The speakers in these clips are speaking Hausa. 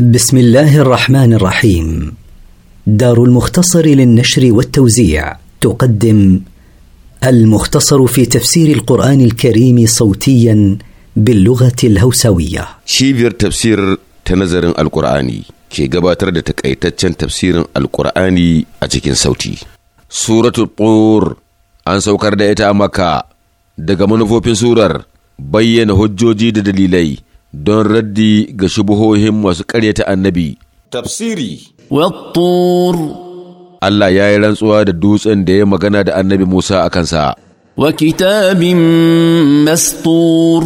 بسم الله الرحمن الرحيم دار المختصر للنشر والتوزيع تقدم المختصر في تفسير القرآن الكريم صوتيا باللغة الهوسوية شيفير تفسير تنظر القرآني كي قباتر تكأيتتشن تفسير القرآني أتكين صوتي سورة القور أن سوكر دائتا مكا دقا منفو سورر بيّن هجوجي دليلي don raddi ga shubuhohin masu ta annabi. Tafsiri Wattur Allah ya yi rantsuwa da dutsen da ya magana da annabi Musa a kansa. Wa kitabin mastur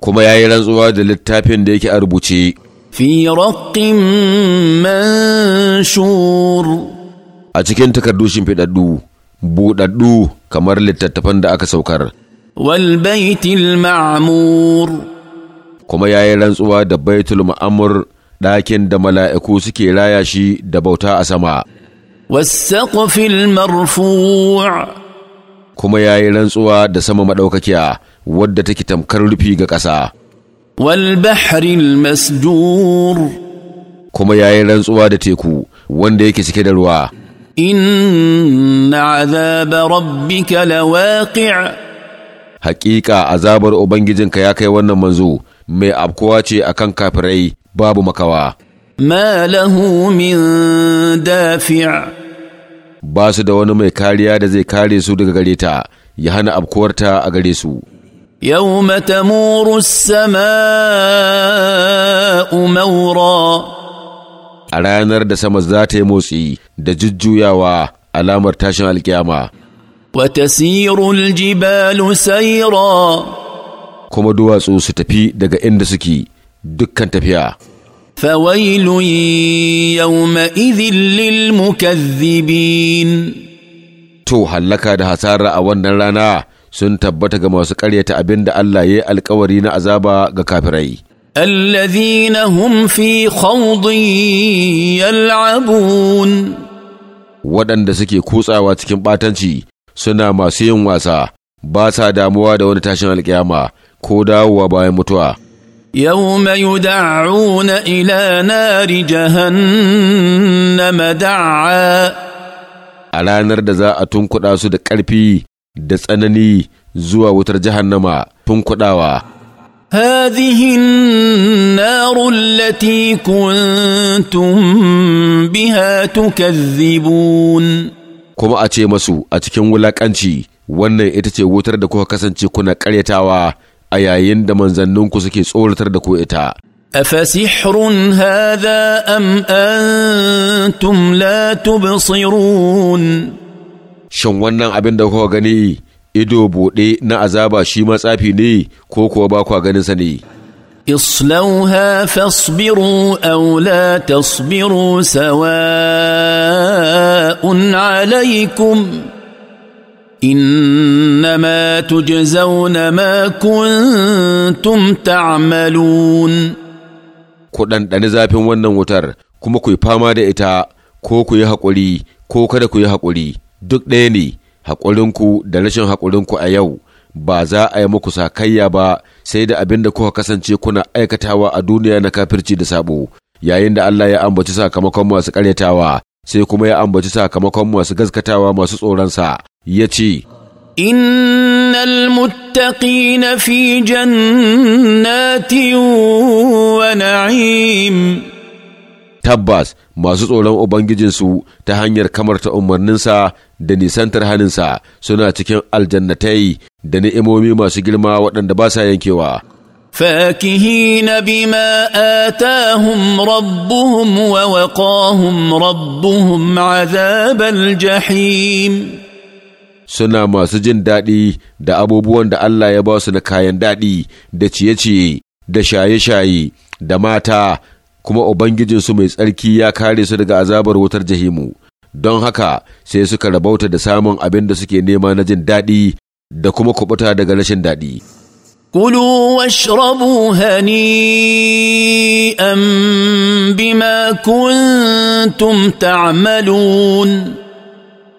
Kuma ya yi rantsuwa da littafin da yake a rubuce. Fi raƙin manshur A cikin takardu shimfiɗaɗɗu, buɗaɗɗu kamar littattafan da aka saukar. Wal baitil ma'amur kuma ya yi rantsuwa da baitul ma'amur ɗakin da mala'iku suke raya shi da bauta a sama. Wasaƙofil marfu' kuma ya yi rantsuwa da sama maɗaukakiya wadda take tamkar rufi ga ƙasa. Walbahril masdur kuma ya yi rantsuwa da teku wanda yake cike da ruwa. Inna azaba rabbika lawaqi' Hakika azabar Ubangijinka ya kai wannan manzo. mai abkuwa ce akan kafirai babu makawa ma lahu min dafi'a ba su da wani mai kariya da zai kare su daga gare ta ya hana abkuwarta a gare su mata تمور السماء a ranar da sama za ta yi motsi da jujjuyawa alamar tashin alkiyama. Wata sirul jibalu saira kuma duwatsu su tafi daga inda suke dukkan tafiya. فويل يومئذ mukazzibin To hallaka da hasara a wannan rana sun tabbata ga masu karyata abin da Allah ya yi alkawari na azaba ga kafirai. allazina hum fi خوض yal'abun waɗanda suke kutsawa cikin ɓatanci suna masu yin wasa ba sa damuwa da wani tashin alƙiyama ko dawowa bayan mutuwa يوم يدعون na ilanari jahannama da'a. a ranar da za a tunkuɗa su da ƙarfi da tsanani zuwa wutar jahannama tunkuɗawa. هذه النار التي biha بها zibun. kuma a ce masu a cikin wulaƙanci wannan ita ce wutar da kuka kasance kuna ƙaryatawa a yayin da manzanninku suke tsoratar da ku ita. أفسحر هذا أم أنتم لا تبصرون shin wannan abin da kuka gani ido buɗe na azaba shi ma tsafi ne ko kuwa ba kwa ganin sa ne اصلوها فاصبروا أو لا تصبروا سواء عليكم انما تجزون ما كنتم تعملون ku ɗanɗani zafin wannan wutar kuma ku yi fama da ita ko ku yi haƙuri ko kada ku yi hakuri duk ɗaya ne haƙurinku da rashin haƙurinku a yau ba za a yi muku sakayya ba sai da abin da kuka kasance kuna aikatawa a duniya na kafirci da sabo yayin da Allah ya ambaci sakamakon masu karyatawa, sai kuma ya ambaci sakamakon masu gaskatawa masu tsoronsa ya ce, Innal muttaqina fi wa na'im. Tabbas masu tsoron Ubangijinsu ta hanyar kamarta umarninsa da nisantar haninsa suna cikin aljannatai da ni'imomi masu girma waɗanda ba sa yankewa. فاكهين بما اتاهم ربهم ووقاهم ربهم عذاب الجحيم suna masu jin daɗi da abubuwan da Allah ya ba su na kayan daɗi da ciye-ciye da shaye-shaye da mata kuma Ubangijinsu mai tsarki ya kare su daga azabar wutar jahimu don haka sai suka rabauta da samun abin da suke nema na jin daɗi da kuma kubuta daga rashin daɗi. Kulu washrabu hani'an bima kuntum ta'malun.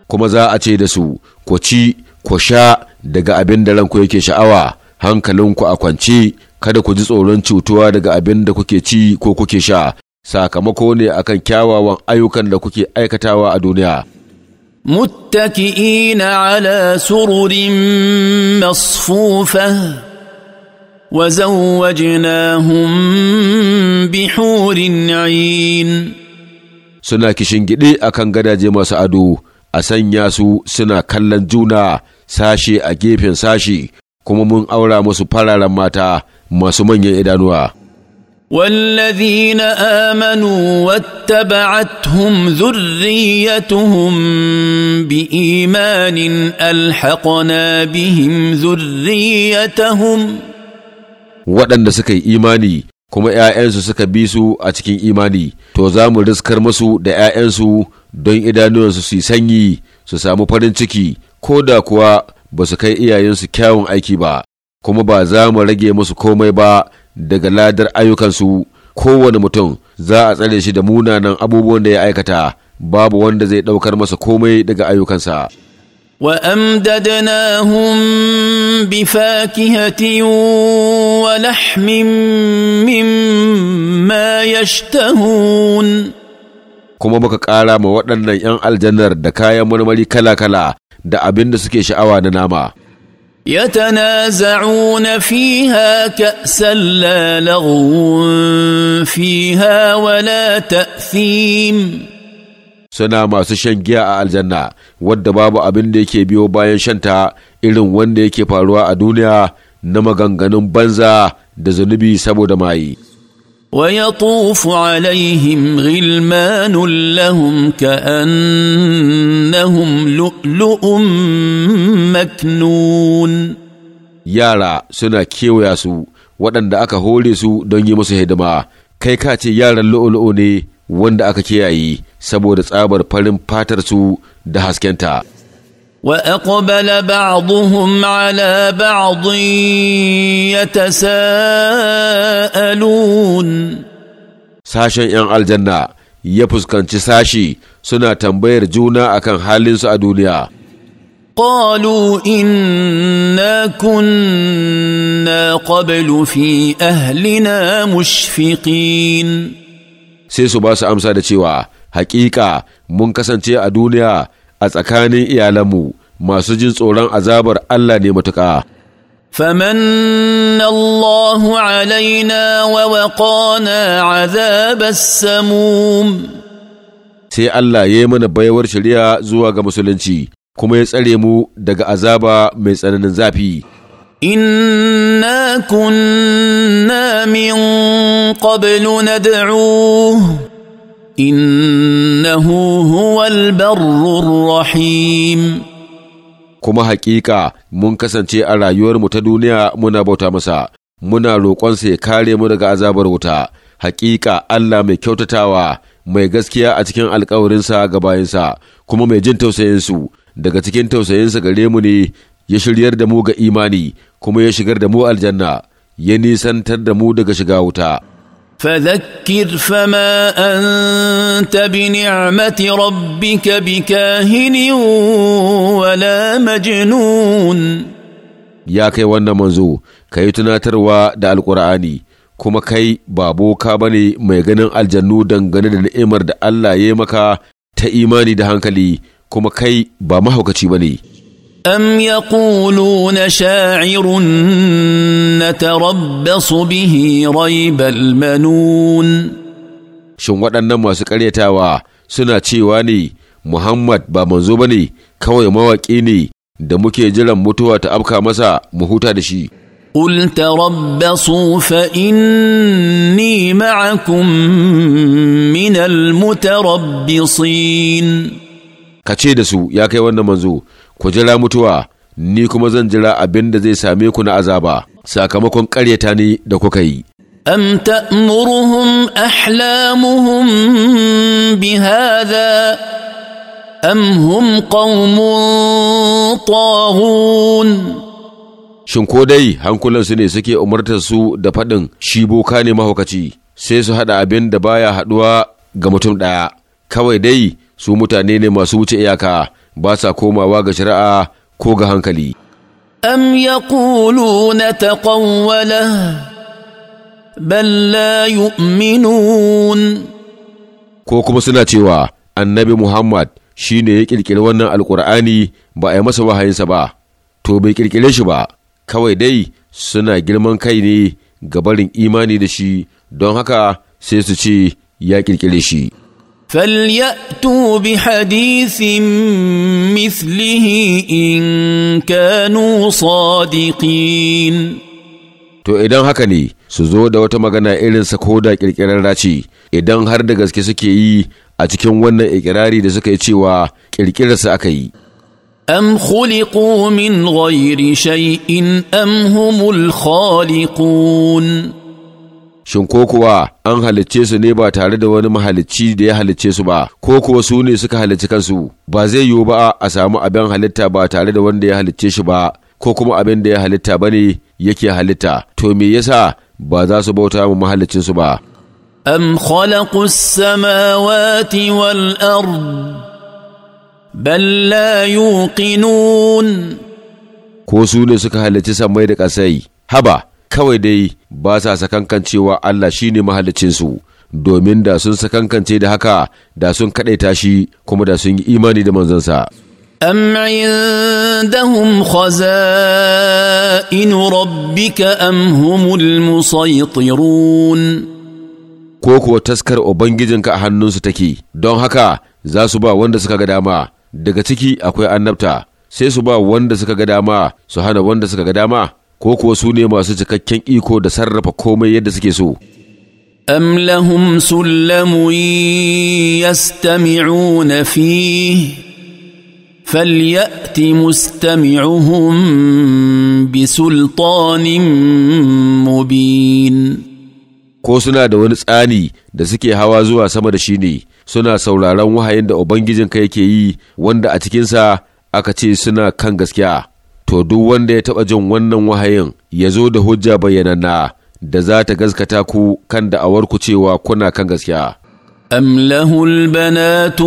kuma za a ce da su ku ci ku sha daga abin da ranku yake sha'awa hankalinku a kwance kada ku ji tsoron cutuwa daga abin da kuke ci ko kuke sha sakamako ne akan kyawawan ayyukan da kuke aikatawa a duniya متكئين على سرر مصفوفة وزوجناهم بحور عين suna kishin gidi akan gadaje masu ado a sanya su suna kallon juna sashe a gefen sashe kuma mun aura musu fararen mata masu manyan idanuwa. والذين امنوا واتبعتهم ذريتهم بايمان الحقنا بهم ذريتهم waɗanda suka yi imani kuma ‘ya'yansu suka bi su a cikin imani, to za mu riskar musu da ‘ya'yansu don idanuwansu su yi sanyi su samu farin ciki ko da kuwa ba su kai iyayensu kyawun aiki ba kuma ba za mu rage musu komai ba daga ladar ayyukansu kowane mutum za a tsare shi da munanan abubuwan da ya aikata babu wanda zai ɗaukar masa komai daga ayyukansa. وامددناهم بفاكهه ولحم مما يشتهون kuma muka ƙara ma waɗannan 'yan aljannar da kayan marmari kala-kala da abin da suke sha'awa na nama. يتنازعون فيها كأسا لا لغو فيها ولا تأثيم suna masu shan giya a aljanna wadda babu abin da yake biyo bayan shanta irin wanda yake faruwa a duniya na maganganun banza da zunubi saboda mayi. Wa ويطوف عليهم غلمان لهم كأنهم لؤلؤ مكنون Yara suna kewaya su waɗanda aka hore su don yi musu hidima kai ka ce yaran lo'olo'o ne wanda aka kiyaye saboda tsabar farin fatar su da haskenta wa واقبل بعضهم على بعض يتساءلون sashen 'yan aljanna ya fuskanci sashi suna tambayar juna akan halinsu a duniya قالوا إنا كنا قبل في أهلنا مشفقين sai su basu amsa da cewa hakika mun kasance a duniya a tsakanin iyalanmu masu jin tsoron azabar Allah ne matuƙa. فمن الله علينا ووقانا عذاب السموم sai Allah ya yi mana baiwar shari'a zuwa ga musulunci kuma ya tsare mu daga azaba mai tsananin zafi inna kunna min na nad'uhu innahu huwal barrur rahim kuma haƙiƙa mun kasance a rayuwarmu ta duniya muna bauta masa muna roƙonsa ya kare mu daga azabar wuta haƙiƙa Allah mai kyautatawa mai gaskiya a cikin alkawarinsa ga bayansa kuma mai jin tausayinsu daga cikin tausayinsa gare mu ne ya shiryar da mu ga imani kuma ya shigar da mu aljanna ya nisantar da mu daga shiga wuta فذكر فما انت بنعمه ربك بكاهن ولا مجنون ya kai wannan manzo ka yi tunatarwa da alkur'ani kuma kai ba boka ba ne mai ganin aljannu dangane da ni'imar da Allah ya maka ta imani da hankali kuma kai ba mahaukaci ba ne. أم يقولون شاعر نتربص به ريب المنون Shin waɗannan masu ƙaryatawa suna cewa ne Muhammad ba manzo ba ne kawai mawaƙi ne da muke jiran mutuwa ta afka masa mu huta da shi. قل تربصوا فإني معكم من المتربصين. Ka ce da su ya kai wannan manzo. ku jira mutuwa ni kuma zan jira abin da zai same ku na azaba sakamakon ƙaryata ni da kuka yi أم تأمرهم أحلامهم بهذا أم هم قوم طاغون Shin ko dai hankulan su ne suke umartar su da faɗin shi boka ne mahaukaci sai su haɗa abin da baya haɗuwa ga mutum ɗaya, kawai dai su mutane ne masu wuce iyaka ba sa komawa ga shari'a ko ga hankali am na ta bal la yu'minun ko kuma suna cewa annabi Muhammad shi ne ya ƙirƙiri wannan alƙur'ani ba a yi masa wahayinsa ba, to bai ƙirƙire shi ba, kawai dai suna girman kai ne ga barin imani da shi, don haka sai su ce ya ƙirƙire shi. فلياتوا بحديث مثله ان كانوا صادقين to idan haka ne su zo da wata magana irin ko da ƙirƙirar ce idan har da gaske suke yi a cikin wannan ikirari da suka yi cewa ƙirƙirarsa aka yi am خلقوا min غير shay'in am humul khaliqun shin ko kuwa an halicce su ne ba tare da wani mahalicci da ya halicce su ba ko kuwa su ne suka halicci kansu ba zai yiwu ba a samu abin halitta ba tare da wanda ya halicce shi ba ko kuma abin da ya halitta bane yake halitta to me yasa ba za su bauta mu mahalicci su ba am khalaqu samawati wal ard bal la yuqinun ko su ne suka halicci sammai da kasai haba kawai dai ba sa sakankancewa Allah shi shine mahaliccinsu domin da sun sakankance da haka da sun kaɗaita tashi, kuma da sun yi imani da manzansa. أم عندهم خزائن ربك أم هم المسيطرون ko kuwa taskar Ubangijinka a hannunsu take, don haka za su ba wanda suka ga dama, daga ciki akwai annabta, sai su ba wanda suka su hana wanda suka ga ko kuwa su ne masu cikakken iko da sarrafa komai yadda suke so. أم لهم سلم يستمعون فيه فليأت bi sultanin Mubin. ko suna da wani tsani da suke hawa zuwa sama da shi ne suna sauraron wahayin da ubangijinka yake yi wanda a cikinsa aka ce suna kan gaskiya to duk wanda ya taɓa jin wannan wahayin ya zo da hujja bayyananna da za ta gaskata ku kan da'awarku cewa kuna kan gaskiya. أم له البنات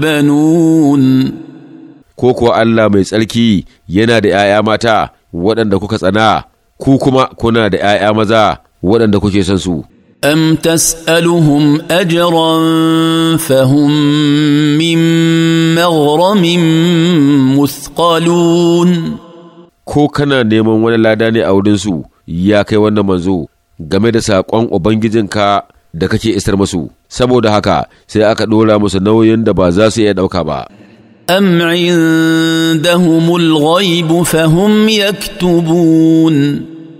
banun. Ko kuwa Allah mai tsarki yana da ‘ya'ya mata waɗanda kuka tsana, ku kuma kuna da ‘ya'ya maza waɗanda kuke son su. أم تسألهم أجرا فهم من مغرم مثقلون ko kana neman wani lada ne a wurinsu ya kai wannan manzo game da saƙon Ubangijinka da kake isar musu, saboda haka sai aka ɗora musu nauyin da ba za su iya ɗauka ba. أم عندهم الغيب فهم يكتبون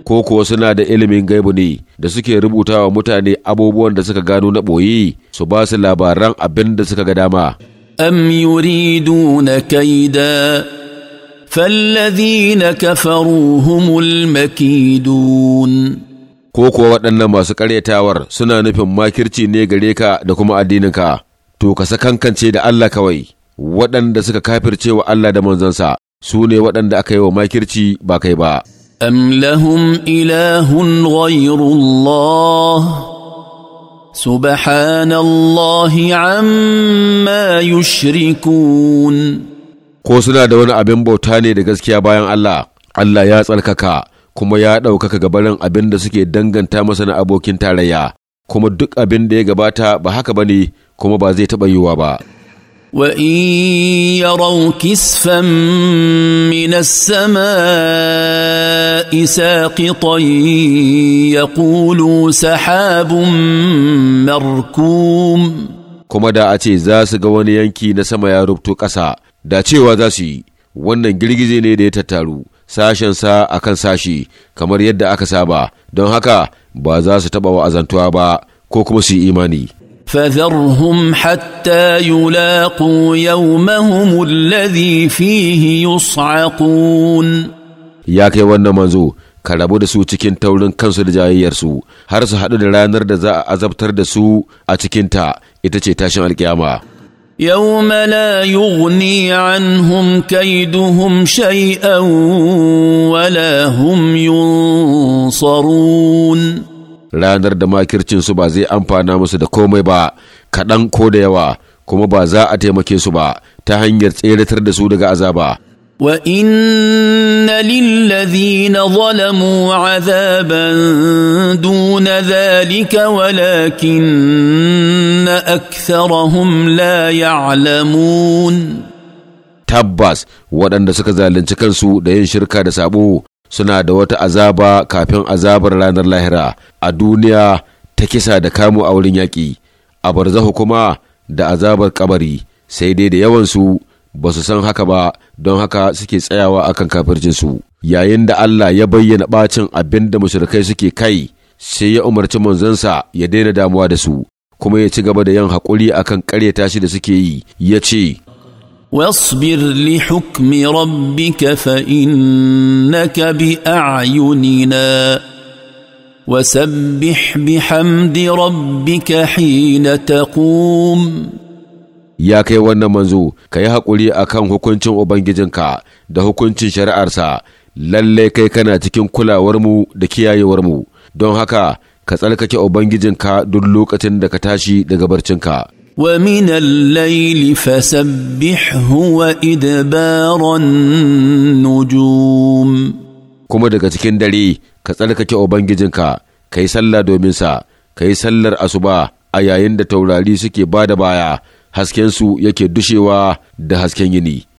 ko kuwa suna da ilimin gaibu ne da suke rubuta wa mutane abubuwan da suka gano na ɓoye su ba su labaran abin da suka ga dama. Am na kaida na kafaru humul makidun. Ko kuwa waɗannan masu ƙaryatawar suna nufin makirci ne gare ka da kuma addininka, to ka sakankance da Allah kawai, waɗanda suka kafircewa Allah da manzansa, su ne waɗanda aka yi wa makirci ba kai ba. أم لهم إله غير الله سبحان الله عما يشركون ko suna da wani abin bauta ne da gaskiya bayan Allah Allah ya tsarkaka kuma ya ɗaukaka gabarin abin da suke danganta masa na abokin tarayya kuma duk abin da ya gabata ba haka ba ne kuma ba zai taɓa yiwuwa ba وان يروا كسفا من السماء ساقطا يقولوا سحاب مركوم kuma da a ce za su ga wani yanki na sama ya rubto ƙasa da cewa za su yi wannan girgize ne da ya tattaru sashensa a kan sashi kamar yadda aka saba don haka ba za su taɓa wa'azantuwa ba ko kuma su yi imani فذرهم حتى يلاقوا يومهم الذي فيه يصعقون يا كي wannan manzo ka rabu da su cikin taurin kansu da jayayyarsu har su haɗu da ranar da za a azabtar da su a ta, ita ce tashin alkiyama يوم لا يغني عنهم كيدهم شيئا ولا هم ينصرون ranar da makircinsu ba zai amfana musu da komai ba kaɗan ko da yawa kuma ba za a taimake su ba ta hanyar tseratar da su daga azaba wa وان للذين zalamu عذابا duna zalika ولكن اكثرهم لا يعلمون tabbas waɗanda suka zalunci kansu da yin shirka da sabo suna da wata azaba kafin azabar ranar lahira a duniya ta kisa da kamu a wurin yaƙi a barzahu kuma da azabar kabari sai dai da yawansu ba su san haka ba don haka suke tsayawa akan kafircinsu yayin da Allah ya bayyana bacin abin da musulkai suke kai sai ya umarci manzansa ya daina damuwa da su kuma ya ci gaba da yin haƙuri akan ƙaryata shi da suke yi ya ce واصبر لحكم ربك فانك باعيننا وسبح بحمد ربك حين تقوم ya kai wannan manzo ka yi haƙuri a kan hukuncin Ubangijinka da hukuncin shari'arsa, lallai kai kana cikin kulawarmu da kiyayewarmu, don haka ka tsarkake Ubangijinka duk lokacin da ka tashi daga barcinka. ومن الليل فسبحه وإدبار nujum. kuma daga cikin dare ka tsarkake Ubangijinka, ka yi sallah dominsa, ka yi sallar asuba a yayin da taurari suke ba da baya, haskensu yake dushewa da hasken yini.